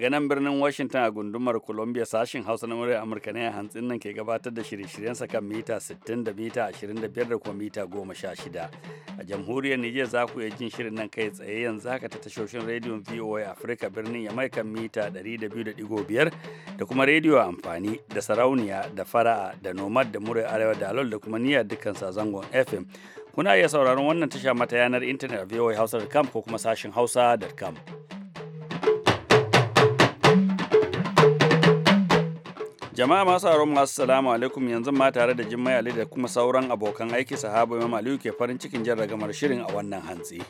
daga nan birnin washington a gundumar columbia sashen hausa na murya amurka ne a hantsin nan ke gabatar da shirye sa kan mita 60 da mita 25 da kuma mita 16 a jamhuriyar nijar za ku iya jin shirin nan kai tsaye yanzu haka ta tashoshin rediyon voa afirka birnin ya kan mita 200.5 da kuma rediyo amfani da sarauniya da fara'a da nomad da murya arewa da alol da kuma niyyar dukkan sazangon fm kuna iya sauraron wannan tasha mata yanar intanet a voahausa.com ko kuma sashin hausa.com Jama'a masu aron masu salamu alaikum yanzu ma tare da Jummai Ali da kuma sauran abokan aiki sahaba Imam Aliyu ke farin cikin jan ragamar shirin a wannan hantsi.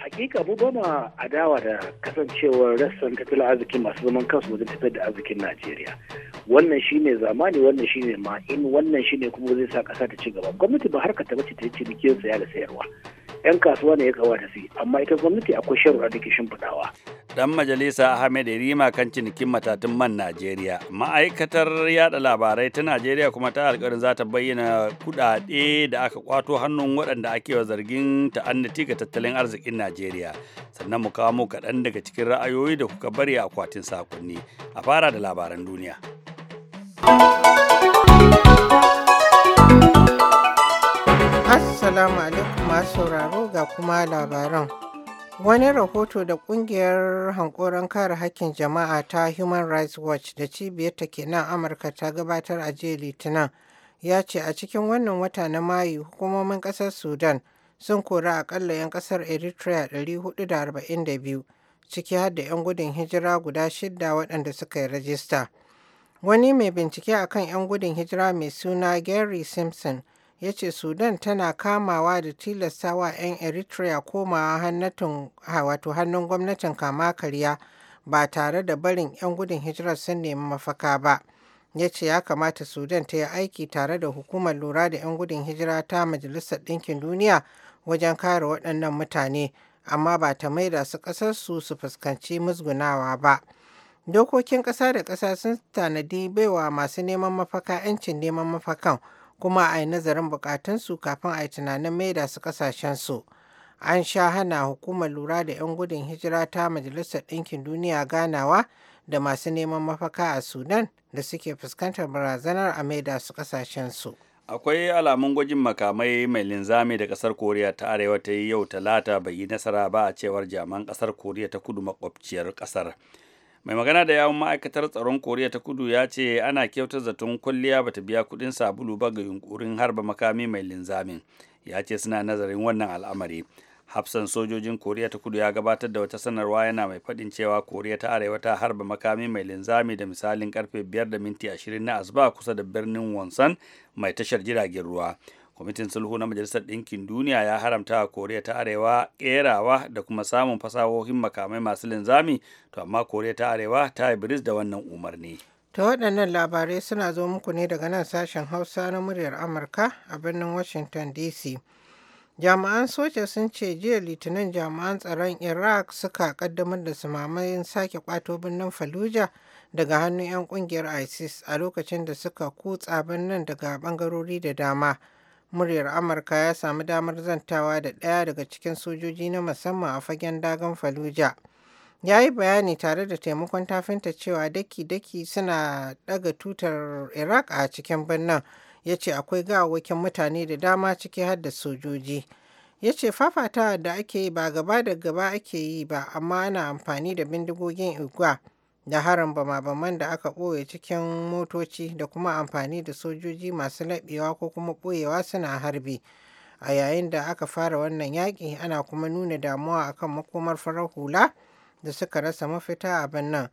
Hakika mu bama adawa da kasancewar rassan tattalin arziki masu zaman kansu wajen tafiyar da arzikin Najeriya. Wannan shine zamani wannan shine in wannan shine kuma zai sa kasa ta ci gaba. Gwamnati ba harka ta bace ta yi cinikin saya da sayarwa. 'Yan kasuwa ne ya kawata su amma ita gwamnati akwai shan da ke shimfiɗawa. dan majalisa Ahmed Rima kan cinikin matatun man Najeriya. Ma'aikatar yada labarai ta Najeriya kuma ta alƙarin za ta bayyana kuɗaɗe da aka kwato hannun waɗanda ake wa zargin ta'annati ga tattalin arzikin Najeriya. Sannan mu kawo mu kaɗan daga cikin ra'ayoyi da kuka bari a akwatin sakonni. A fara da labaran duniya. Assalamu alaikum masu sauraro ga kuma labaran. Wani rahoto da kungiyar hankoron kare hakkin jama'a ta Human Rights Watch da cibiyar ta ke nan Amurka ta gabatar a jiya Litinin ya ce a cikin wannan wata na Mayu hukumomin ƙasar Sudan sun kori akalla 'yan ƙasar Eritrea 442 ciki har da 'yan gudun hijira guda shida waɗanda suka yi rajista. Wani mai bincike akan 'yan gudun hijira mai suna Gary Simpson ya ce Sudan tana kamawa da tilastawa 'yan Eritrea komawa hannun gwamnatin kama karya ba tare da barin 'yan gudun hijirar sun nemi mafaka ba. ya ce ya kamata Sudan ta yi aiki tare da hukumar lura da 'yan gudun hijira ta Majalisar Ɗinkin Duniya wajen kare waɗannan mutane, amma ba ta maida su ƙasarsu su fuskanci musgunawa ba. Dokokin ƙasa da ƙasa sun tanadi baiwa masu neman mafaka 'yancin neman mafakan kuma a yi nazarin bukatunsu kafin a yi tunanin maida su kasashensu. An sha hana hukumar lura da 'yan gudun hijira ta Majalisar Ɗinkin Duniya ganawa da masu neman mafaka a Sudan da suke fuskantar barazanar a maida su kasashensu. Akwai alamun gwajin makamai mai linzami da ƙasar Koriya ta Arewa ta yi yau talata bai yi nasara ba a cewar jaman ƙasar Koriya ta kudu makwabciyar ƙasar. mai magana da yawon ma'aikatar tsaron koriya ta kudu ya ce ana kyautar zaton kwalliya ba ta biya kudin sabulu ba ga yunkurin harba makami mai linzamin ya ce suna nazarin wannan al'amari hafsan sojojin koriya ta kudu ya gabatar da wata sanarwa yana mai faɗin cewa koriya ta arewa ta harba makami mai linzami da misalin karfe biyar da minti ashirin na asuba kusa da birnin wonsan mai tashar jiragen ruwa kwamitin sulhu na majalisar ɗinkin duniya ya haramta wa koriya ta arewa ƙerawa da kuma samun fasahohin makamai masu linzami to amma koriya ta arewa ta yi biris da wannan umarni ta waɗannan labarai suna zo muku ne daga nan sashen hausa na muryar amurka a birnin washington dc jami'an soja sun ce jiya litinin jami'an tsaron iraq suka kaddamar da sumamayin sake kwato birnin fallujah daga hannun 'yan kungiyar isis a lokacin da suka kutsa birnin daga bangarori da dama muryar Amurka ya samu damar zantawa da ɗaya daga cikin sojoji na musamman a fagen dagan faluja Ya yi bayani tare da taimakon tafinta cewa daki-daki suna ɗaga tutar Iraq a cikin birnin. Ya ce akwai gawakin mutane da dama ciki har da sojoji. Ya ce fafata da ake yi ba gaba da gaba ake yi ba, amma ana amfani da bindigogin igwa. da harin bama-baman da aka ɓoye cikin motoci da kuma amfani da sojoji masu laɓewa ko kuma ɓoyewa suna harbi a yayin da aka fara wannan yaƙi ana kuma nuna damuwa akan makomar farar hula da suka rasa mafita a birnin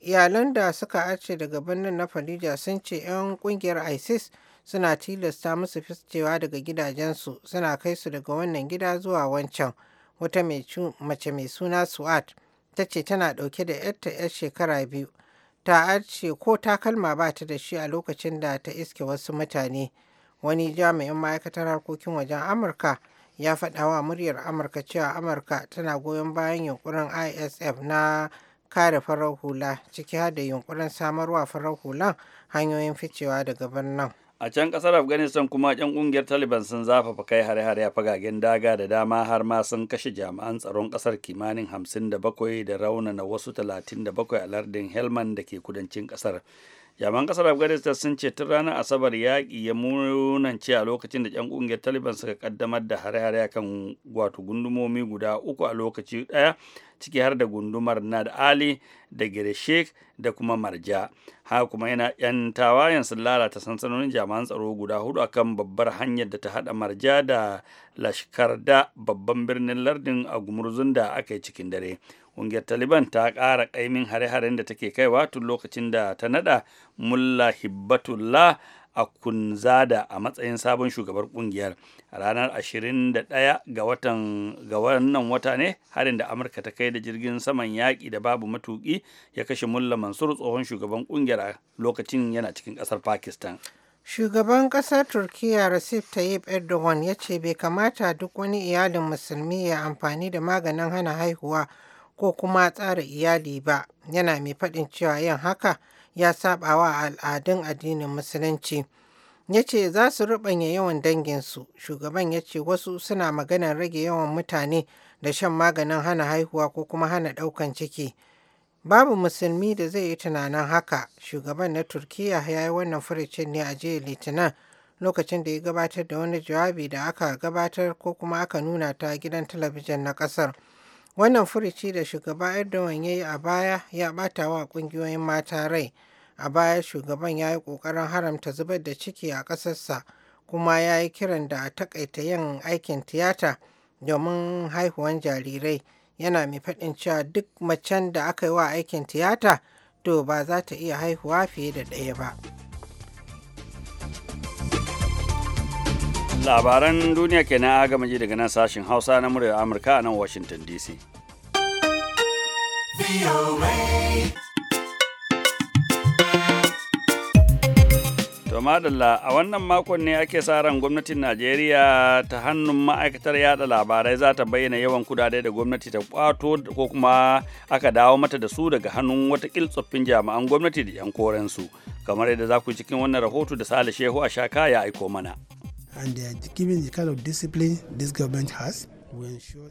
iyalan da suka arce daga birnin na fallujah sun ce 'yan ƙungiyar isis suna tilasta musu ficewa daga gidajensu suna kai su daga wannan gida zuwa wancan wata mace mai suna suat ta ce tana dauke da 'yarta 'yar shekara biyu ta arce ko takalma ba ta da shi a lokacin da ta iske wasu mutane wani jami'in ma'aikatar harkokin wajen amurka ya faɗa wa muryar amurka cewa amurka tana goyon bayan yunkurin isf na kare farar hula ciki har da yunkurin samarwa farar hulan hanyoyin ficewa daga birnin. a can kasar afghanistan kuma yan kungiyar taliban sun zafafa kai hare-hare a fagagen daga da dama har ma sun kashe jami'an tsaron kasar kimanin 57 da raunana wasu 37 a lardin helman da ke kudancin kasar jami'an kasar afghanistan sun ce tun ranar asabar yaƙi ya munanci a lokacin da yan ƙungiyar taliban suka kaddamar da hare-hare kan wato gundumomi guda uku a lokaci ɗaya ciki har da gundumar nad ali da girshek da kuma marja ha kuma yana yan tawayen sun lalata sansanonin jami'an tsaro guda hudu akan babbar hanyar da ta haɗa marja da lashkar da babban birnin lardin a gumurzun da aka yi cikin dare ƙungiyar taliban ta ƙara ƙaimin hare-haren da take kaiwa tun lokacin da ta nada mulla hibbatullah a kunzada a matsayin sabon shugabar kungiyar a ranar 21 ga watan ga wannan wata ne harin da amurka ta kai da jirgin saman yaƙi da babu matuƙi ya kashe mulla mansur tsohon shugaban kungiyar a lokacin yana cikin ƙasar pakistan shugaban ƙasar turkiya recep tayyip erdogan ya ce bai kamata duk wani iyalin musulmi ya amfani da maganin hana haihuwa ko kuma tsara iyali ba yana mai faɗin cewa yin haka ya saba a al'adun addinin musulunci ya ce za su rubanya yawan danginsu shugaban ya ce wasu suna maganar rage yawan mutane da shan maganin hana haihuwa ko kuma hana ɗaukan ciki babu musulmi da zai yi tunanin haka shugaban na turkiya ya yi wannan furicin ne a jiya litinin lokacin da ya gabatar da wani jawabi da aka gabatar ko kuma aka nuna ta gidan talabijin na ƙasar. Wannan furuci da shugaba Erdogan ya yi a baya ya ɓata wa ƙungiyoyin mata rai. A baya shugaban ya yi ƙoƙarin haramta zubar da ciki a ƙasarsa kuma ya yi kiran da a takaita yin aikin tiyata domin haihuwan jarirai. Yana mai faɗin cewa duk macen da aka yi wa aikin tiyata to ba za ta iya haihuwa fiye da ɗaya ba. labaran duniya ke na agamaji daga nan sashen hausa na muryar amurka a nan washington dc To madalla a wannan makon ne ake sa ran gwamnatin Najeriya ta hannun ma'aikatar yada labarai za ta bayyana yawan kudade da gwamnati ta kwato ko kuma aka dawo mata da su daga hannun wata tsoffin jami'an gwamnati da 'yan korensu. Kamar yadda za ku cikin wannan rahoto da Sale Shehu a shaka ya aiko mana. and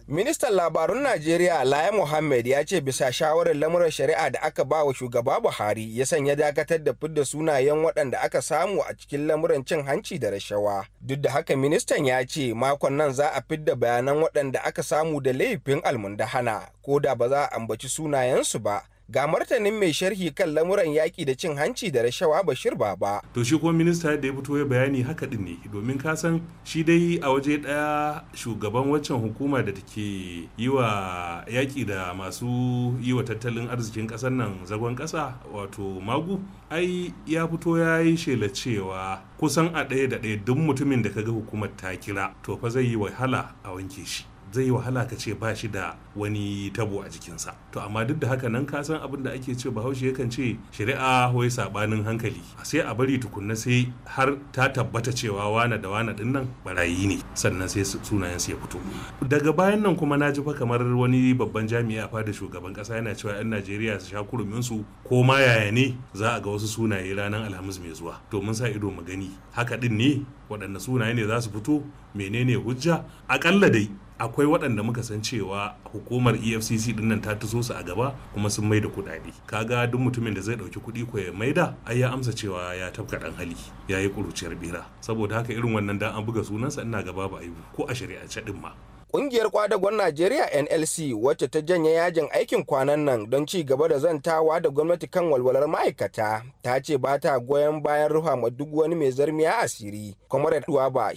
Ministan labarun Najeriya Laya Muhammad ya ce bisa shawarar lamuran shari'a da aka ba wa shugaba Buhari ya sanya dakatar da fidda sunayen waɗanda aka samu a cikin lamuran cin hanci da rashawa. Duk da haka ministan ya ce makon nan za a fidda bayanan waɗanda aka samu da laifin almundahana ko da ba za a ambaci sunayensu ba. ga martanin mai sharhi kan lamuran yaƙi da cin hanci da rashawa bashir ba. to shi kuma minista da ya fito ya bayani haka din ne domin ka san shi dai a waje ɗaya shugaban waccan hukuma da take yi wa yaƙi da masu yi wa tattalin arzikin ƙasar nan zagon ƙasa wato magu ai ya fito ya yi shela cewa kusan a ɗaya da ɗaya duk mutumin da kaga hukumar ta kira to fa zai yi wahala a wanke shi zai yi wahala ka ce ba shi da wani tabo a jikinsa to amma duk da haka nan ka san abin da ake ce bahaushe yakan ce shari'a wai sabanin hankali sai a bari tukunna sai har ta tabbata cewa wana da wana din nan barayi ne sannan sai sunayen su ya fito daga bayan nan kuma na ji fa kamar wani babban jami'i a fada shugaban kasa yana cewa yan Najeriya su sha kurumin su ko ma yaya ne za a ga wasu sunaye ranar Alhamis mai zuwa to mun sa ido mu gani haka din ne waɗanne sunaye ne za su fito menene hujja akalla dai akwai waɗanda muka san cewa hukumar efcc din nan ta tuso su a gaba kuma sun maida kuɗaɗe kaga duk mutumin da zai ɗauki kuɗi ko ya maida ai ya amsa cewa ya tafka ɗan hali ya yi ƙuruciyar bera saboda haka irin wannan dan an buga sunansa ina gaba ba a yi ko a shari'ance ɗin ma Ƙungiyar kwadagon Najeriya NLC wacce ta janye yajin aikin kwanan nan don ci gaba da zantawa da gwamnati kan walwalar ma'aikata ta ce ba ta goyon bayan rufa ma duk wani mai zarmiya asiri. Comrade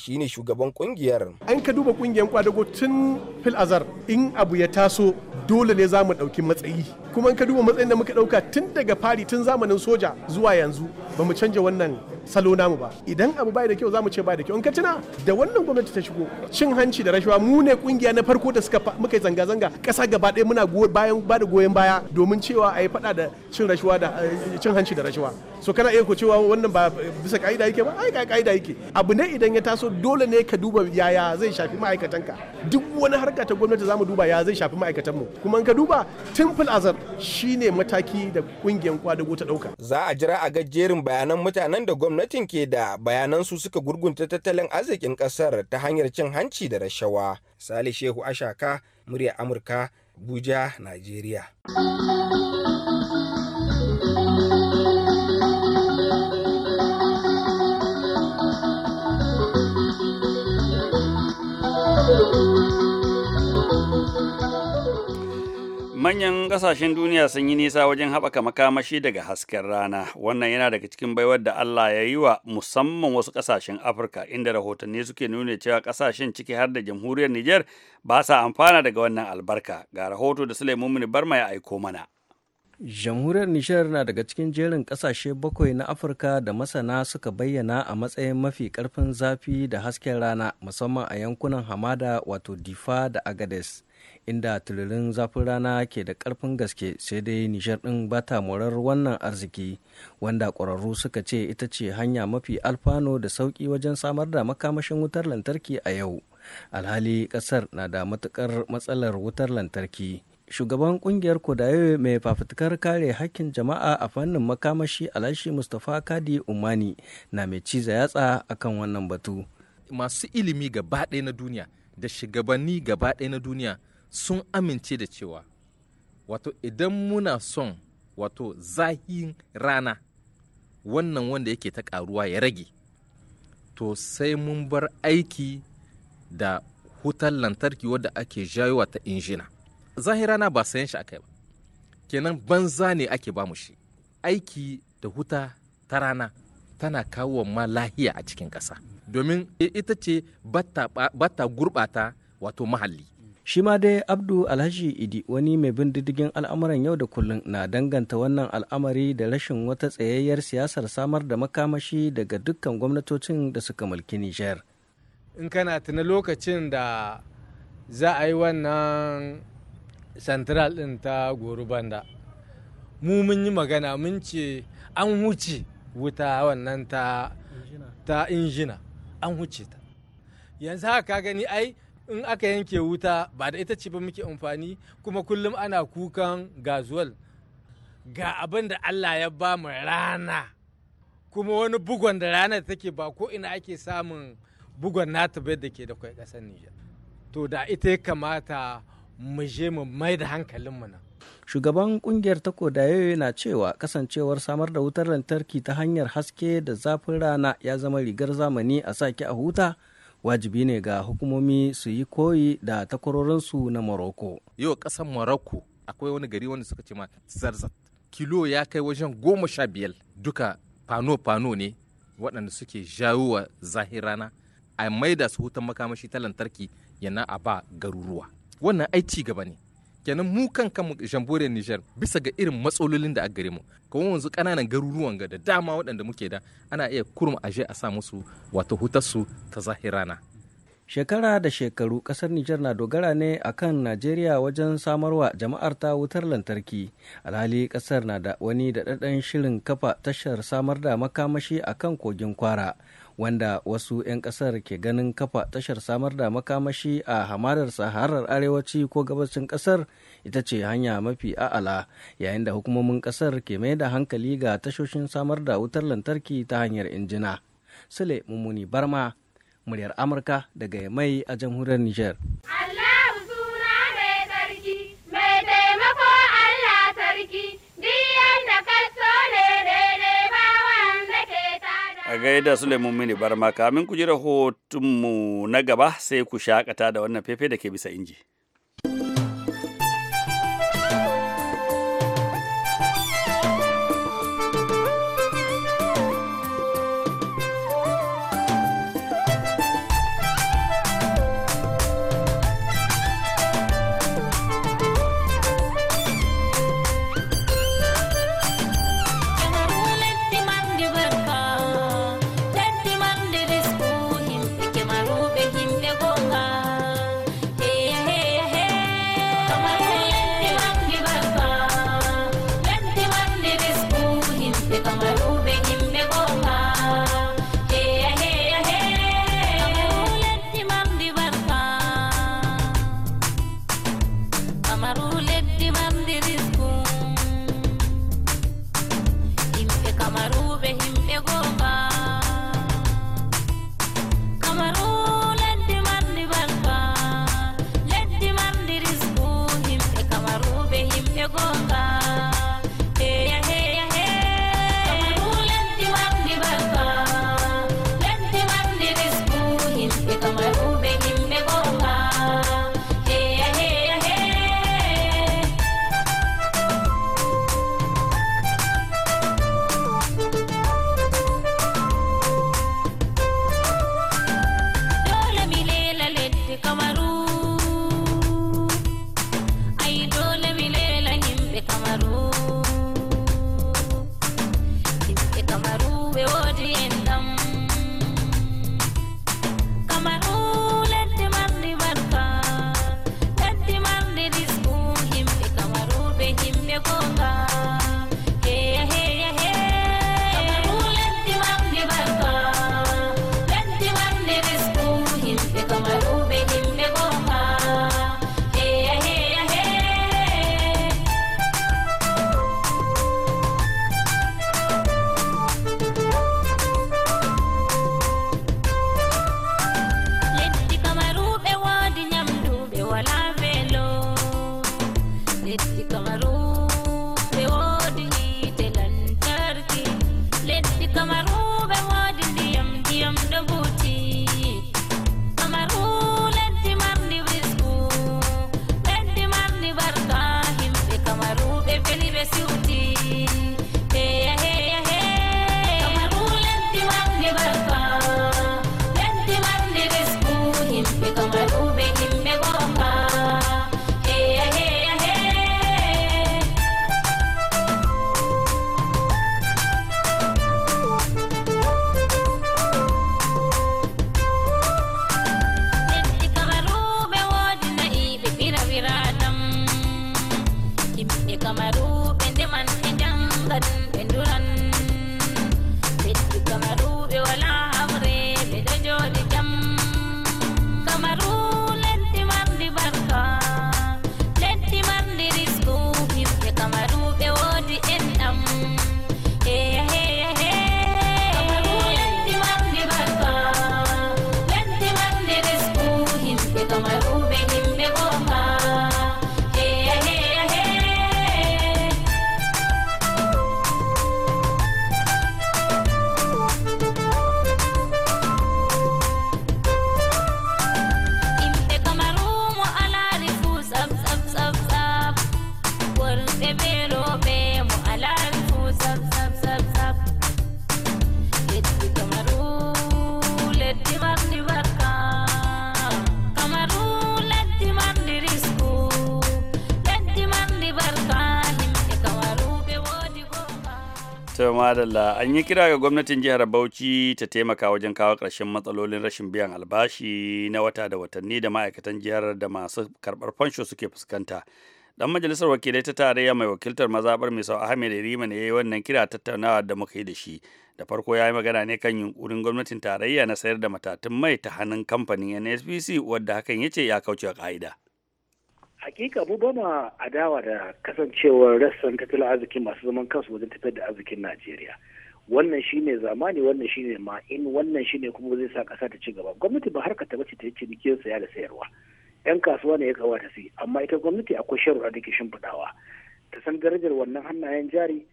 shi ne shugaban ƙungiyar. An ka duba ƙungiyar kwadago tun fil azar in abu ya taso dole ne za mu ɗauki matsayi. Kuma an ka duba matsayin da muka ɗauka tun daga fari tun zamanin soja zuwa yanzu ba mu canja wannan salo namu ba idan abu bai da kyau zamu ce bai da kyau in ka tuna da wannan gwamnati ta shigo cin hanci da rashawa mu ne kungiya na farko da suka muka yi zanga zanga kasa gaba ɗaya muna bayan bada goyon baya domin cewa a yi faɗa da cin rashawa da eh, cin hanci da rashawa so kana iya ku cewa wannan ba bisa ka'ida yake ba ai ka'ida yake abu ne idan ya taso dole ne ka duba yaya zai shafi ma'aikatanka duk wani harka ta gwamnati zamu duba ya zai shafi ma'aikatanmu kuma in ka duba temple azar shine mataki da kungiyar kwadago ta dauka za a jira a gajerin bayanan mutanen da gwamnatin ke da bayanan su suka gurgunta tattalin arzikin kasar ta hanyar cin hanci da rashawa sale shehu ashaka murya amurka abuja najeriya Manyan ƙasashen duniya sun yi nisa wajen haɓaka makamashi daga hasken rana. Wannan yana daga cikin baiwar da Allah ya yi wa musamman wasu ƙasashen Afirka, inda rahotanni suke nuna cewa ƙasashen ciki har da jamhuriyar Nijar ba sa amfana daga wannan albarka. Ga rahoto da Sulaimun Barma ya aiko mana. jamhuriyar nishar na daga cikin jerin kasashe bakwai na afirka da masana suka bayyana a matsayin mafi karfin zafi da hasken rana musamman a yankunan hamada wato difa da agades inda tulurin zafin rana ke da karfin gaske sai dai nishar din ba ta morar wannan arziki wanda ƙwararru suka ce ita ce hanya mafi alfano da sauƙi wajen samar da makamashin wutar lantarki a yau alhali ƙasar na da matuƙar matsalar wutar lantarki shugaban kungiyar kodayo mai fafutukar kare hakkin jama'a a fannin makamashi alashi mustapha kadi umani na mai ciza yatsa akan wannan batu masu ilimi gaba ɗaya na duniya da shugabanni gaba ɗaya na duniya sun amince da cewa wato idan muna son wato zahin rana wannan wanda yake ta karuwa ya rage to sai mun bar aiki da hutar lantarki wadda ake jayowa ta injina zahin rana ba sayan shi akai ba kenan banza ne ake bamu shi aiki da huta ta rana tana kawo ma lahiya a cikin ƙasa domin ita ce bata gurɓata wato mahalli shi ma dai abdu alhaji idi wani mai bin diddigin al'amuran yau da kullum na danganta wannan al'amari da rashin wata tsayayyar siyasar samar da makamashi daga dukkan gwamnatocin da suka mulki nijar in kana tuna lokacin da za a yi wannan central din ta goru banda mu mun yi magana mun ce an huce wuta wannan ta injina an huce ta yanzu haka gani ai in aka yanke wuta ba da ita ce ba muke amfani kuma kullum ana kukan gazuwal ga abin da Allah ya ba mu rana kuma wani bugon da da take ba ko ina ake samun bugon nata bai da ke da kwai kasar Nijar to da ita ya kamata mu je mu mai da hankalin mu nan shugaban kungiyar tako da na cewa kasancewar samar da wutar lantarki ta hanyar haske da zafin rana ya zama rigar zamani a sake a huta wajibi ne ga hukumomi su yi koyi da takwarorinsu na Morocco. Yau ƙasar Morocco akwai wani gari wanda suka ce ma zarzat kilo ya kai wajen goma sha biyar duka fano-fano ne waɗanda suke jawowa zahirana a da su hutan makamashi ta lantarki yana a ba garuruwa wannan ai gaba ne kenan mu kan kan jambore Nijar bisa ga irin matsalolin da a gare mu kuma yanzu kananan garuruwan ga da dama waɗanda muke da ana iya kurum aje a sa musu wato hutarsu ta zahirana shekara da shekaru kasar Nijar na dogara ne a kan Najeriya wajen samarwa jama'ar ta wutar lantarki alhali kasar na da wani daɗaɗɗen shirin kafa tashar samar da makamashi a kan kogin kwara wanda wasu 'yan kasar ke ganin kafa tashar samar da makamashi a hamadar saharar arewaci ko gabashin kasar ita ce hanya mafi a'ala yayin da hukumomin kasar ke mai da hankali ga tashoshin samar da wutar lantarki ta hanyar injina sule mummuni barma muryar amurka daga mai a jamhuriyar niger a gaida Suleiman Mini Barma kamin ku ji rahotonmu na gaba sai ku shakata da wannan fefe da ke bisa inji. To madalla an yi kira ga gwamnatin jihar Bauchi ta taimaka wajen kawo ƙarshen matsalolin rashin biyan albashi na wata da watanni da ma'aikatan jihar da masu karɓar fansho suke fuskanta. Dan majalisar wakilai ta tarayya mai wakiltar mazabar mai sau Ahmed Rima ne ya wannan kira tattaunawa da muka yi da shi. Da farko ya yi magana ne kan yunkurin gwamnatin tarayya na sayar da matatun mai ta hannun kamfanin NSPC wadda hakan ya ce ya kauce wa ƙa'ida. hakika mu ba ma adawa da kasancewar rassan tattalin arziki masu zaman kansu wajen tafiyar da arzikin najeriya wannan shine zamani wannan shine ma in wannan shine kuma zai sa kasa ta ci gaba gwamnati ba harka ta bace ta yi cinikin saya da sayarwa yan kasuwa ne ya kawata su amma ita gwamnati akwai sharuɗa da ke shimfiɗawa ta san darajar wannan hannayen jari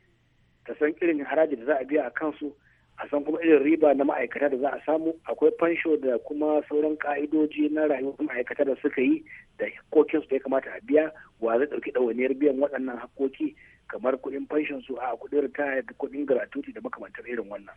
ta san irin haraji da za a biya a kansu a san kuma irin riba na ma'aikata da za a samu akwai fansho da kuma sauran ka'idoji na rayuwar ma'aikata da suka yi da hakokin su ya kamata a biya wa zai ɗauki ɗawainiyar biyan waɗannan hakoki kamar kuɗin fanshon su a kuɗin ritaya da kuɗin gratuity da makamantar irin wannan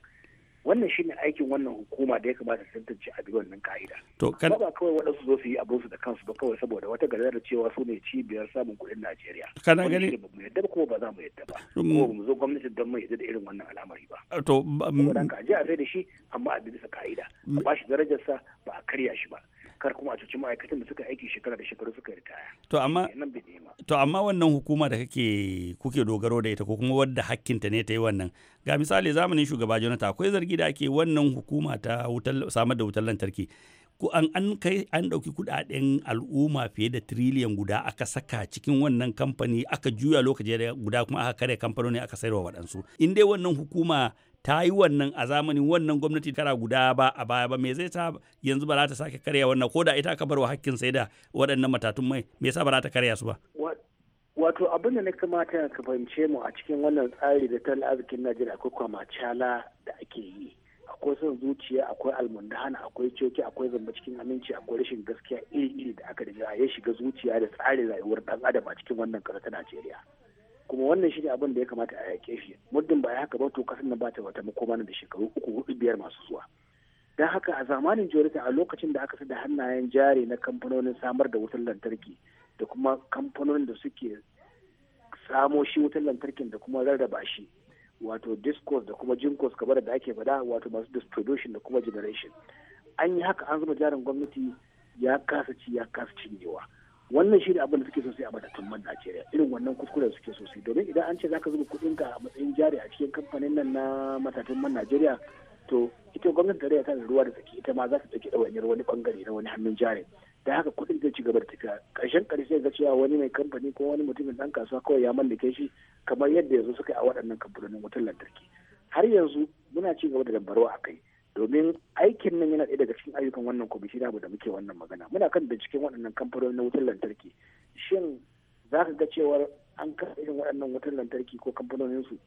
wannan shine aikin wannan hukuma da ya kamata su tantance a wannan ka'ida to ba kawai waɗansu zo su yi abin su da kansu ba kawai saboda wata da cewa su ne cibiyar samun kuɗin Najeriya kana gani ba mu yadda ba kuma ba za mu yadda ba um, kuma mu zo gwamnati don mu yadda da irin wannan al'amari ba uh, to um, ba ka je a sai da shi amma a bisa ka'ida a ba shi darajarsa ba a karya shi ba kar kuma a cuci ma'aikatan da suka aiki shekara da shekaru suka ritaya to amma eh, to amma wannan hukuma da kake kuke dogaro da ita ko kuma wadda hakkinta ne ta yi wannan ga misali zamanin shugaba Jonathan akwai zargi da ake wannan hukuma ta samar da wutar lantarki ko an an kai an ɗauki kuɗaɗen al'umma fiye da tiriliyan guda aka saka cikin wannan kamfani aka juya lokaci guda kuma aka kare kamfanoni aka sayarwa waɗansu in dai wannan hukuma ta yi wannan a zamanin wannan gwamnati tara guda ba a baya ba me zai ta yanzu ba za ta sake karya wannan ko da ita aka barwa hakkin sai da waɗannan matatun mai me yasa ba za ta karya su ba wato abin da na kamata ka fahimce mu a cikin wannan tsari da tattalin arzikin Najeriya akwai kwamacala da ake yi akwai son zuciya akwai almundahana akwai coki akwai zamba cikin aminci akwai rashin gaskiya iri-iri da aka riga ya shiga zuciya da tsarin rayuwar dan adam a cikin wannan ƙasa ta Najeriya kuma wannan shi ne abin da ya kamata a yake shi muddin ba ya haka ba to kasan nan ba ta wata makoma da shekaru uku hudu biyar masu zuwa don haka a zamanin jorita a lokacin da aka da hannayen jari na kamfanonin samar da wutar lantarki da kuma kamfanonin da suke samo shi wutar lantarkin da kuma rarraba shi wato discos da kuma jinkos kamar da ake faɗa wato masu distribution da kuma generation an yi haka an zuba jarin gwamnati ya kasa ci ya kasa cinyewa wannan shi ne abin da suke so sai a matattun man Najeriya irin wannan kuskuren suke so sai domin idan an ce zaka zuba kuɗin ka a matsayin jari a cikin kamfanin nan na matattun man Najeriya to ita gwamnati tarayya ta da ruwa da tsaki ita ma za ta ɗauki ɗawainiyar wani bangare na wani hannun jari da haka kuɗin zai ci gaba da tafiya ƙarshen sai ga cewa wani mai kamfani ko wani mutumin ɗan kasuwa kawai ya mallake shi kamar yadda yanzu suka yi a waɗannan kamfanonin wutar lantarki har yanzu muna ci gaba da dambarwa a kai domin aikin nan yana ɗaya daga cikin ayyukan wannan kwamishin abu da muke wannan magana muna kan binciken waɗannan kamfanoni na wutar lantarki shin za ka ga cewar an kasa irin waɗannan wutar lantarki ko kamfanoninsu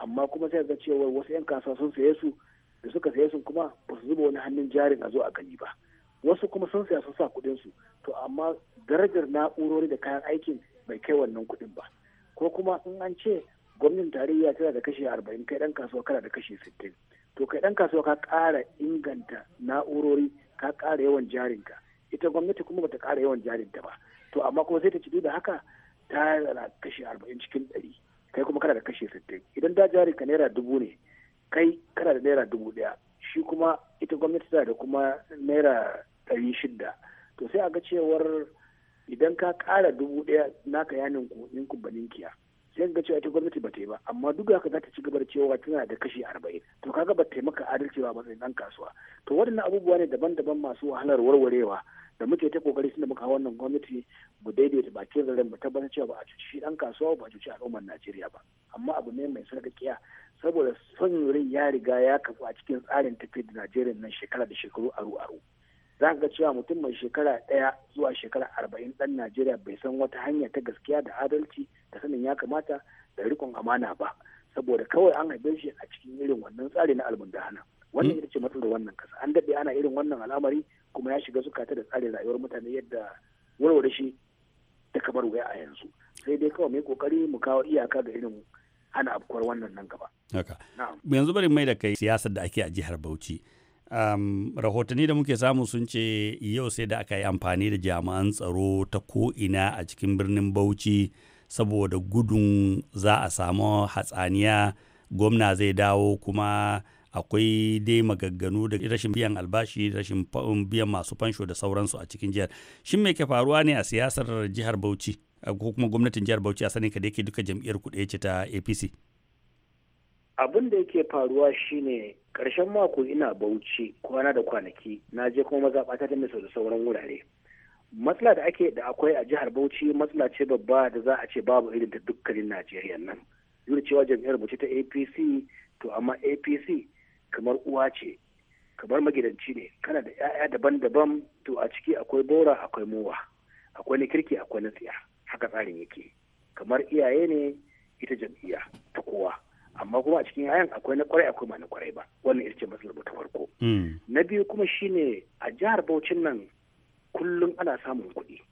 amma kuma sai ga cewar wasu 'yan kasuwa sun saye su da suka saye su kuma ba su zuba wani hannun jarin a zo a gani ba wasu kuma sun saya sun sa kuɗin su to amma darajar na'urori da kayan aikin bai kai wannan kuɗin ba ko kuma in an ce gwamnatin tarayya tana da kashe arba'in kai ɗan kasuwa kana da kashe sittin to kai ɗan kasuwa ka ƙara inganta na'urori ka ƙara yawan jarinka ita gwamnati kuma bata ƙara yawan jarinta ba to amma kuma sai ta ci da haka ta da kashe arba'in cikin ɗari kai kuma kana da kashe sittin idan da jarinka naira dubu ne kai kana da naira dubu ɗaya shi kuma ita gwamnati tana da kuma naira ɗari shida to sai a ga cewar idan ka ƙara dubu ɗaya naka ya ninku ninkin kiya sai ga cewa ita gwamnati ba ta yi ba amma duk da haka za ta ci gaba da cewa tana da kashi arba'in to kaga ba taimaka adalci ba matsayin dan kasuwa to waɗannan abubuwa ne daban-daban masu wahalar warwarewa da muke ta kokari suna muka muka wannan gwamnati mu daidaita bakin zaren mu tabbatar cewa ba a cuci shi ɗan kasuwa ba a cuci al'ummar Najeriya ba amma abu ne mai sarƙaƙiya saboda son yorin ya riga ya kafu a cikin tsarin tafiyar da Najeriya nan shekara da shekaru aru-aru. za ga cewa mutum mai shekara ɗaya zuwa shekara arba'in ɗan najeriya bai san wata hanya ta gaskiya da adalci da sanin ya kamata da rikon amana ba saboda kawai an haife shi a cikin irin wannan tsari na almundahana wannan hmm? ita ce matsalar wannan kasa an daɗe ana irin wannan al'amari kuma ya shiga ta da tsarin rayuwar mutane yadda warware shi ta kamar wuya a yanzu sai dai kawai mai kokari mu kawo iyaka ga irin ana afkuwar wannan nan gaba. Haka. Yanzu bari mai da kai siyasar da ake a jihar Bauchi. Um, rahotanni da muke samu sun ce yau sai da aka yi amfani da jami'an tsaro ta ko'ina a cikin birnin Bauchi saboda gudun za a samu hatsaniya gwamna zai dawo kuma akwai dai magagganu da rashin biyan albashi rashin um, biyan masu fansho da sauransu a cikin jihar shin me ke faruwa ne a siyasar jihar bauchi ko kuma gwamnatin jihar bauchi a sanin ka dai ke duka jam'iyyar kuɗe ce ta apc abin da yake faruwa shine karshen mako ina bauchi kwana da kwanaki na je kuma mazaɓata ta da sauran wurare matsala da ake da akwai a jihar bauchi matsala ce babba da za a ce babu irin ta dukkanin najeriya nan yuri cewa jam'iyyar mu ta apc to amma apc kamar uwa ce kamar magidanci ne kana da 'ya'ya daban-daban to a ciki akwai bora akwai mowa akwai na kirki akwai na tsiya haka tsarin yake kamar iyaye ne ita jam'iyya ta kowa amma kuma a cikin yayan akwai na kwarai akwai ma na kwarai ba wannan ita ce matsalar ta farko mm. na biyu kuma shine a jihar Bauchin nan kullum ana samun kuɗi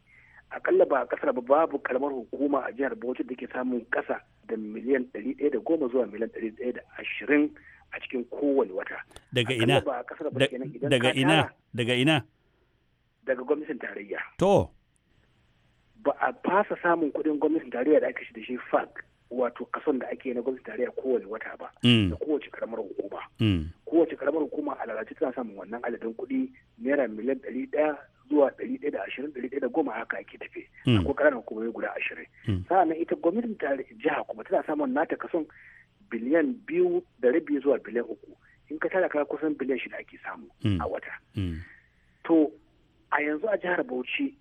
akalla ba a kasar ba babu kalmar hukuma a jihar bauchi da ke samun kasa da miliyan ɗari ɗaya da goma zuwa miliyan ɗari ɗaya da ashirin a cikin kowane wata daga ina daga ina daga ina daga gwamnatin tarayya to ba a fasa samun kuɗin gwamnatin tarayya da aka shi da shi fak. wato kason da ake na gwamnati tarayya kowane wata ba mm. da kowace karamar hukuma mm. kowace karamar hukuma a lalace tana samun wannan adadin kuɗi naira miliyan ɗari ɗaya zuwa ɗari ɗaya da ashirin ɗari ɗaya da goma haka ake tafe mm. akwai ƙananan hukumomi guda ashirin sa'annan ita gwamnatin tarayya jiha kuma tana samun nata kason biliyan biyu da rabi zuwa biliyan uku in ka tara ka kusan biliyan shida ake samu a wata to a yanzu a jihar bauchi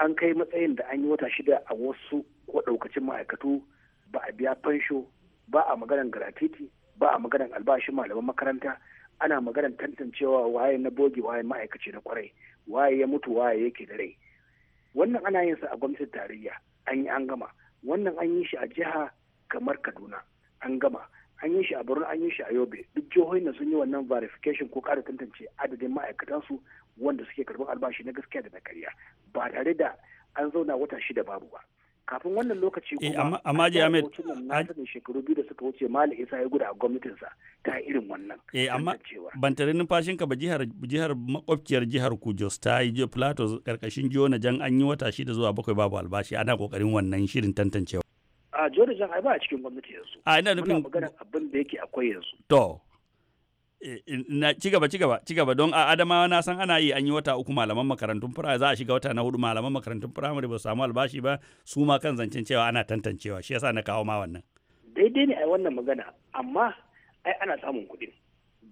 an kai matsayin da an yi wata shida a wasu ɗaukacin ma'aikatu ba a biya fansho ba a maganan garatiti ba a maganar albashin malaman makaranta ana maganan tantancewa waye na bogi waye ma'aikaci na kwarai waye ya mutu waye yake da rai wannan ana yin sa a gwamnatin tarayya an yi an gama wannan an yi shi a jiha kamar kaduna an gama an yi shi a borno an yi shi a yobe duk jihohin sun yi wannan verification ko kara tantance adadin ma'aikatansu wanda suke karɓar albashi na gaskiya da na karya ba tare da an zauna wata shida babu ba kafin wannan lokaci eh, kuma amma nan na sanin shekaru biyu da suka wuce mali isa ya guda a gwamnatinsa ta irin wannan eh amma ban tare ka ba jihar jihar makwabciyar jihar kujos ta yi je Plateau karkashin Jona Jan an yi wata shida zuwa bakwai babu albashi ana kokarin wannan shirin tantancewa a Jona Jan ai ba a cikin gwamnati yanzu a ina nufin magana abin da yake akwai yanzu to Eh, eh, na ci gaba ci gaba ci gaba don a adamawa na san ana yi an yi wata uku malaman makarantun firamare za a shiga wata na hudu malaman makarantun firamare ba su samu albashi ba su ma kan zancen cewa ana tantancewa shi yasa na kawo ma wannan daidai ne a wannan magana amma ai ana samun kuɗi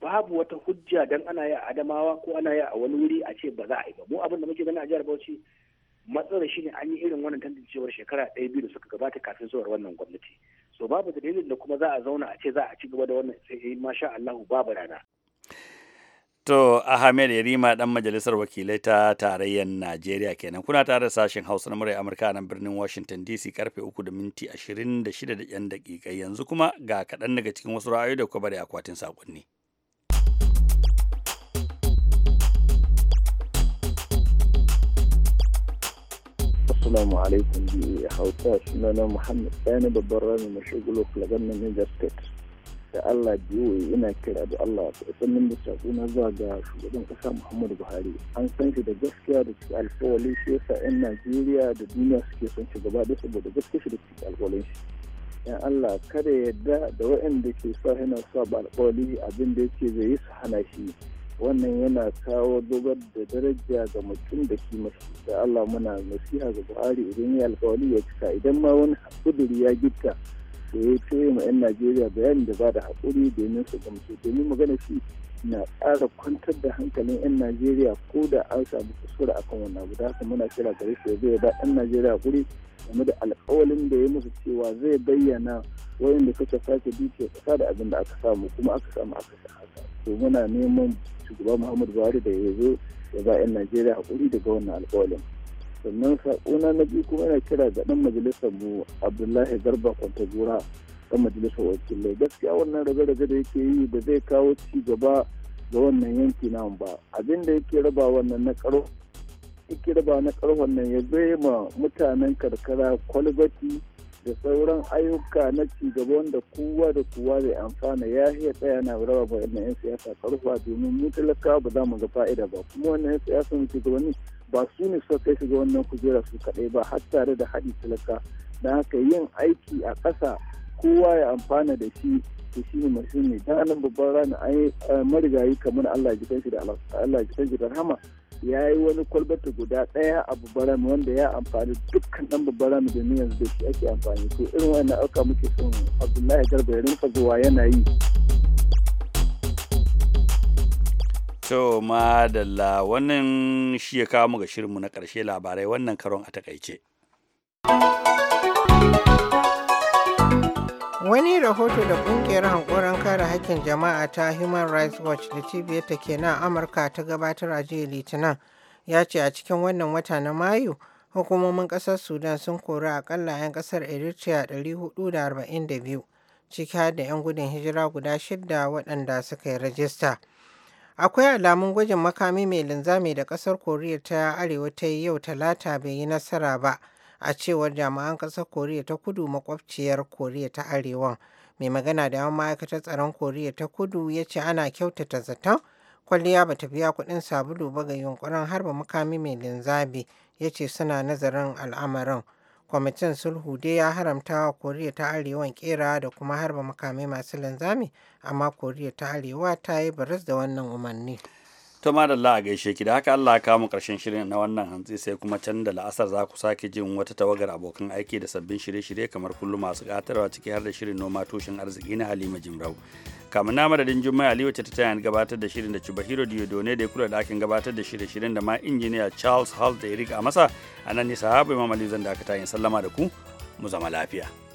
babu wata hujja dan ana yi a adamawa ko ana yi a wani wuri a ce ba za a yi ba mu abin da muke gani a jihar Bauchi matsalar shi ne an yi irin wannan tantancewar shekara ɗaya biyu da suka gabata kafin zuwar wannan gwamnati so babu dalilin da kuma za a zauna a ce za a ci gaba da wannan sai eh, masha Allahu babu rana To Ahmed Yarima dan majalisar wakilai ta tarayyan Najeriya kenan kuna tare da sashen Hausa na murai Amurka nan birnin Washington DC karfe 3 da minti 26 da 'yan daƙiƙa yanzu kuma ga kaɗan daga cikin wasu ra'ayoyi da kuma bari akwatin sakonni. Assalamu alaikum bi hausa sunana Muhammad na babban rami mashigulo kulagan na Niger State. Da Allah biyu ina kira da Allah sannan da sako zuwa ga shugaban ƙasa Muhammadu Buhari. An san shi da gaskiya da cikin alkawali shi yasa 'yan Najeriya da duniya suke son shi gaba da saboda gaskiya da cikin alkawalin shi. ‘Yan Allah kada yarda da waɗanda ke sa yana sa ba alkawali abin da yake zai yi su hana shi. wannan yana kawo dogar da daraja ga mutum da kima da Allah muna nasiha ga Buhari idan ya alkawari ya cika idan ma wani kuduri ya gitta da ya ce ma 'yan Najeriya bayanin da ba da haƙuri domin su gamsu domin magana shi na ƙara kwantar da hankalin 'yan Najeriya ko da an samu kusura akan wannan abu da haka muna kira gare shi zai ba 'yan Najeriya haƙuri game da alƙawalin da ya musu cewa zai bayyana wayanda suka sake dukiya ƙasa da abin da aka samu kuma aka samu aka to muna neman shugaba muhammadu buhari da ya zo ya ba 'yan najeriya hakuri daga wannan alƙawalin sannan saƙona na biyu kuma yana kira ga ɗan majalisar mu abdullahi garba kwantagora ɗan majalisar wakilai gaskiya wannan rage-rage da yake yi da zai kawo ci gaba ga wannan yanki na ba abin da yake raba wannan na karo yake raba na karo wannan ya zai ma mutanen karkara kwalbati da sauran ayyuka na cigaba wanda kowa da kowa zai amfana ya iya tsaya na raba ba na 'yan siyasa karfa domin mu talaka ba za mu ga fa'ida ba kuma wannan 'yan siyasa mu ne ba su ne suka kai shiga wannan kujera su kaɗai ba har tare da haɗi talaka da haka yin aiki a ƙasa kowa ya amfana da shi to shi ne masu ne don nan babban rana an yi eh, marigayi kamar Allah ji kanshi da da rahama ya yi wani kwalbata guda ɗaya a babaram wanda ya amfani dukkan ɗan babaram da yanzu da shi ake amfani to irin wannan auka muke son abdullahi garba ya rinka zuwa yana yi to madalla wannan shi ya kawo mu ga shirinmu na ƙarshe labarai wannan karon a takaice. Wani rahoto da kungiyar hankoron kare haƙƙin jama'a ta Human Rights Watch da cibiyar ta ke nan Amurka ta gabatar a jiya Litinin ya ce a cikin wannan wata na Mayu hukumomin ƙasar Sudan sun kori akalla 'yan ƙasar Eritrea 442 ciki har da 'yan gudun hijira guda shidda waɗanda suka yi rajista. Akwai alamun gwajin makami mai linzami da ƙasar Koriya ta Arewa ta yi yau Talata bai yi nasara ba. a cewar jami'an ƙasar koriya ta kudu makwabciyar koriya ta Arewa, mai magana da yawan ma'aikatar tsaron koriya ta kudu ya ce ana kyautata zaton kwalliya ba ta biya kuɗin sabulu ba ga yunkurin harba makami mai linzabi ya ce suna nazarin al'amarin kwamitin sulhu dai ya haramta wa koriya ta Arewa kera da kuma harba makami masu linzami amma koriya ta arewa ta yi baras da wannan umarni to ma da Allah a gaishe ki da haka Allah ya kawo karshen shirin na wannan hantsi sai kuma can da la'asar za ku sake jin wata tawagar abokan aiki da sabbin shirye-shirye kamar kullum masu gatarwa ciki har da shirin noma tushen arziki na Halima Jimrau kamar na madadin juma'a Ali wacce ta tayar gabatar da shirin da chuba hero Dio Done da ya kula da akin gabatar da shirye-shiryen da ma injiniya Charles Hall da Eric amasa masa a nan ne sahabu Imam Ali zan da aka tayin sallama da ku mu zama lafiya